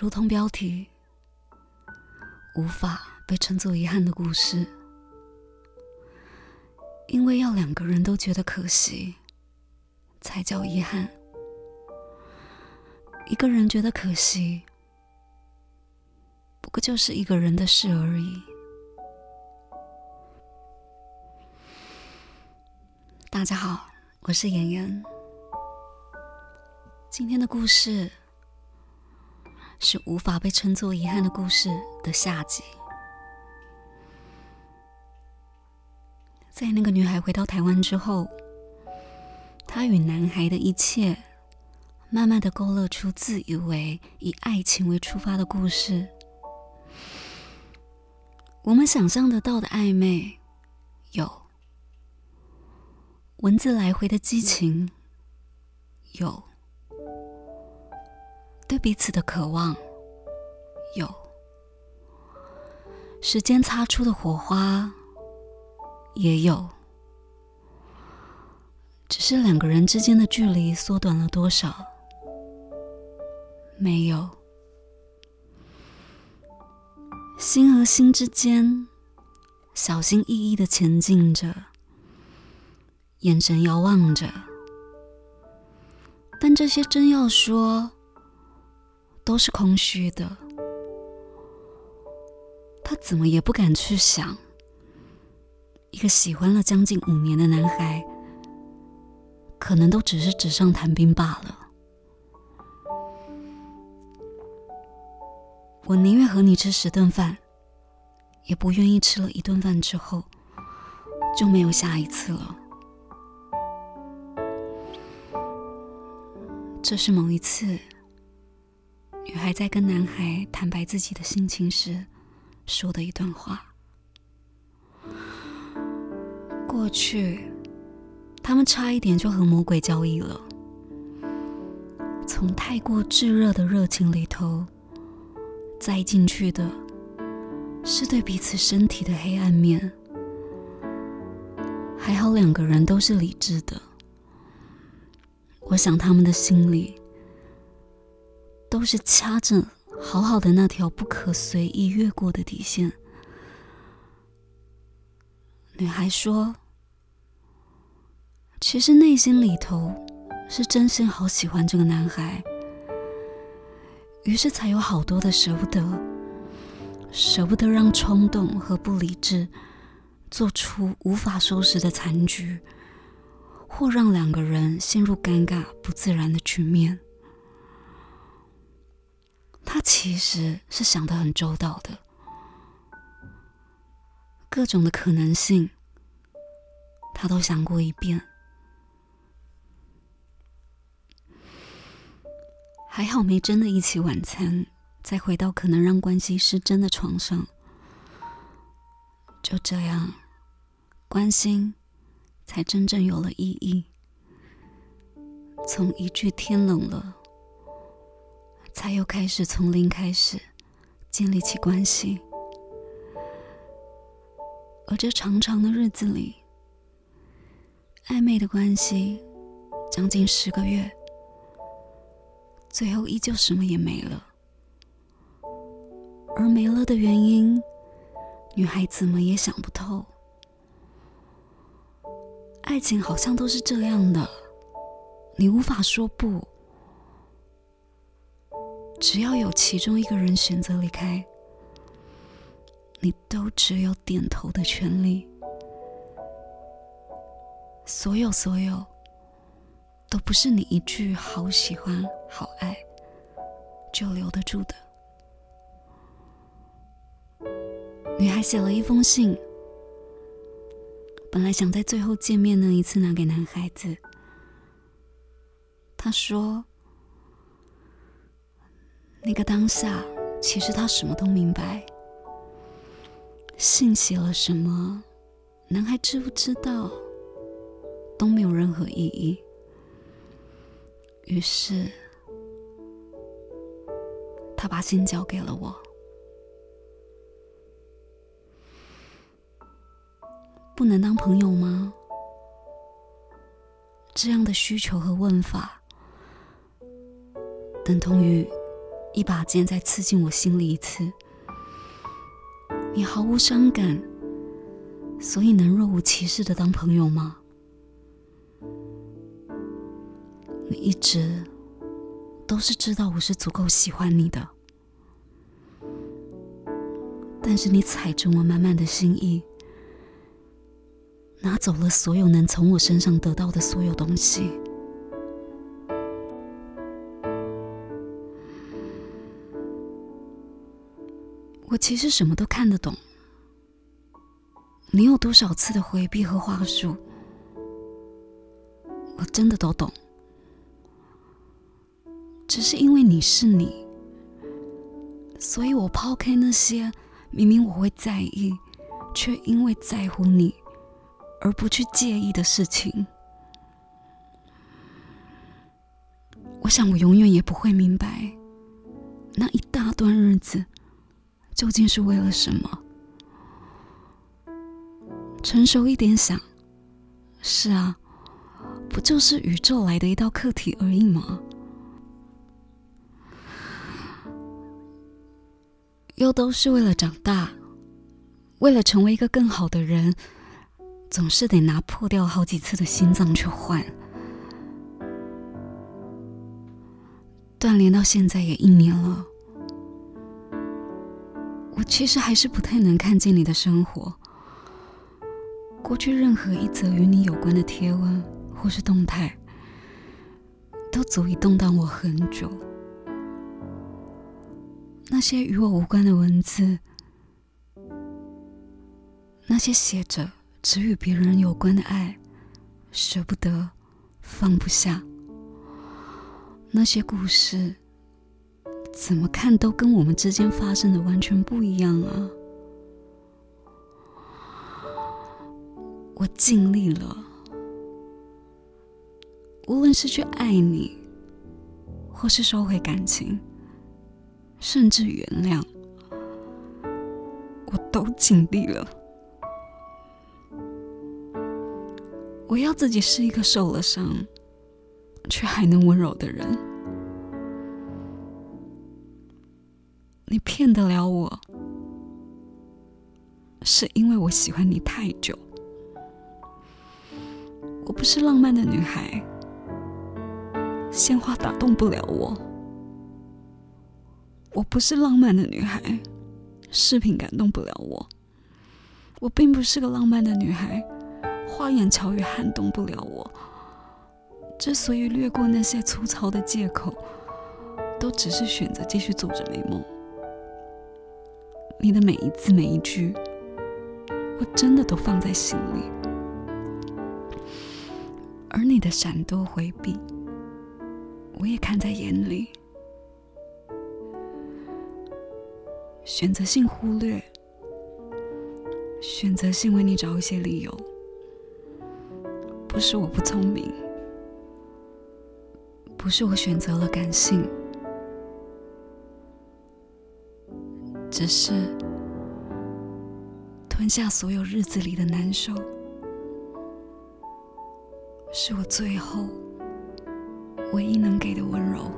如同標題，無法被稱作遺憾的故事，因為要兩個人都覺得可惜，才叫遺憾。一個人覺得可惜，不過就是一個人的事而已。大家好，我是妍妍，今天的故事。是無法被稱作遺憾的故事的下集。在那個女孩回到台灣之後，她與男孩的一切，慢慢的勾勒出自以為以愛情為出發的故事。我們想象得到的曖昧，有，文字來回的激情，有。對彼此的渴望，有；時間擦出的火花，也有。只是兩個人之間的距離縮短了多少？沒有。心和心之間，小心翼翼的前進着，眼神遙望着。但這些真要說，都是空虛的，他怎麼也不敢去想，一個喜歡了將近五年的男孩，可能都只是紙上談兵罷了。我寧願和你吃十頓飯，也不願意吃了一頓飯之後就沒有下一次了。這是某一次。女孩在跟男孩坦白自己的心情時，說的一段話：過去，他們差一點就和魔鬼交易了。從太過炙熱的熱情裡頭栽進去的，是對彼此身體的黑暗面。還好兩個人都是理智的，我想他們的心裡。都是掐着好好的那條不可隨意越過的底線。女孩說：“其實內心裡頭是真心好喜歡這個男孩，於是才有好多的捨不得，捨不得讓衝動和不理智做出無法收拾的殘局，或讓兩個人陷入尷尬不自然的局面。”他其實是想的很周到的，各種的可能性，他都想過一遍。還好沒真的一起晚餐，再回到可能讓關係失真的床上。就這樣，關心才真正有了意義。從一句“天冷了”，才又開始從零開始建立起關係，而這長長的日子裡，曖昧的關係將近十個月，最後依舊什麼也沒了。而沒了的原因，女孩怎麼也想不透。愛情好像都是這樣的，你無法說不。只要有其中一個人選擇離開，你都只有點頭的權利。所有所有，都不是你一句“好喜歡”“好愛”就留得住的。女孩寫了一封信，本來想在最後見面那一次拿給男孩子。她說。那個當下，其實他什麼都明白。信寫了什麼，男孩知不知道，都沒有任何意義。於是，他把信交給了我。不能當朋友嗎？這樣的需求和問法，等同於。一把劍再刺進我心裡一次，你毫無傷感，所以能若無其事的當朋友嗎？你一直都是知道我是足夠喜歡你的，但是你踩着我滿滿的心意，拿走了所有能從我身上得到的所有東西。我其實什麼都看得懂。你有多少次的迴避和話術，我真的都懂。只是因為你是你，所以我拋開那些明明我會在意，卻因為在乎你而不去介意的事情。我想，我永遠也不會明白那一大段日子，究竟是為了什麼？成熟一點想，是啊，不就是宇宙來的一道課題而已嗎？又都是為了長大，為了成為一個更好的人，總是得拿破掉好幾次的心臟去換。斷聯到現在也一年了。我其實還是不太能看見你的生活。過去任何一則與你有關的貼文或是動態，都足以動蕩我很久。那些與我無關的文字，那些寫着只與別人有關的愛，捨不得，放不下。那些故事，怎麼看都跟我們之間發生的完全不一樣啊。我盡力了，無論是去愛你，或是收回感情，甚至原諒，我都盡力了。我要自己是一個受了傷卻還能溫柔的人。你騙得了我，是因為我喜歡你太久。我不是浪漫的女孩，鮮花打動不了我。我不是浪漫的女孩，飾品感動不了我。我並不是個浪漫的女孩，花言巧語撼動不了我。之所以略過那些粗糙的借口，都只是選擇繼續做着美夢。你的每一字每一句，我真的都放在心裡，而你的閃躲迴避，我也看在眼裡，選擇性忽略，選擇性為你找一些理由，不是我不聰明，不是我選擇了感性。只是吞下所有日子裡的難受，是我最後唯一能給的溫柔。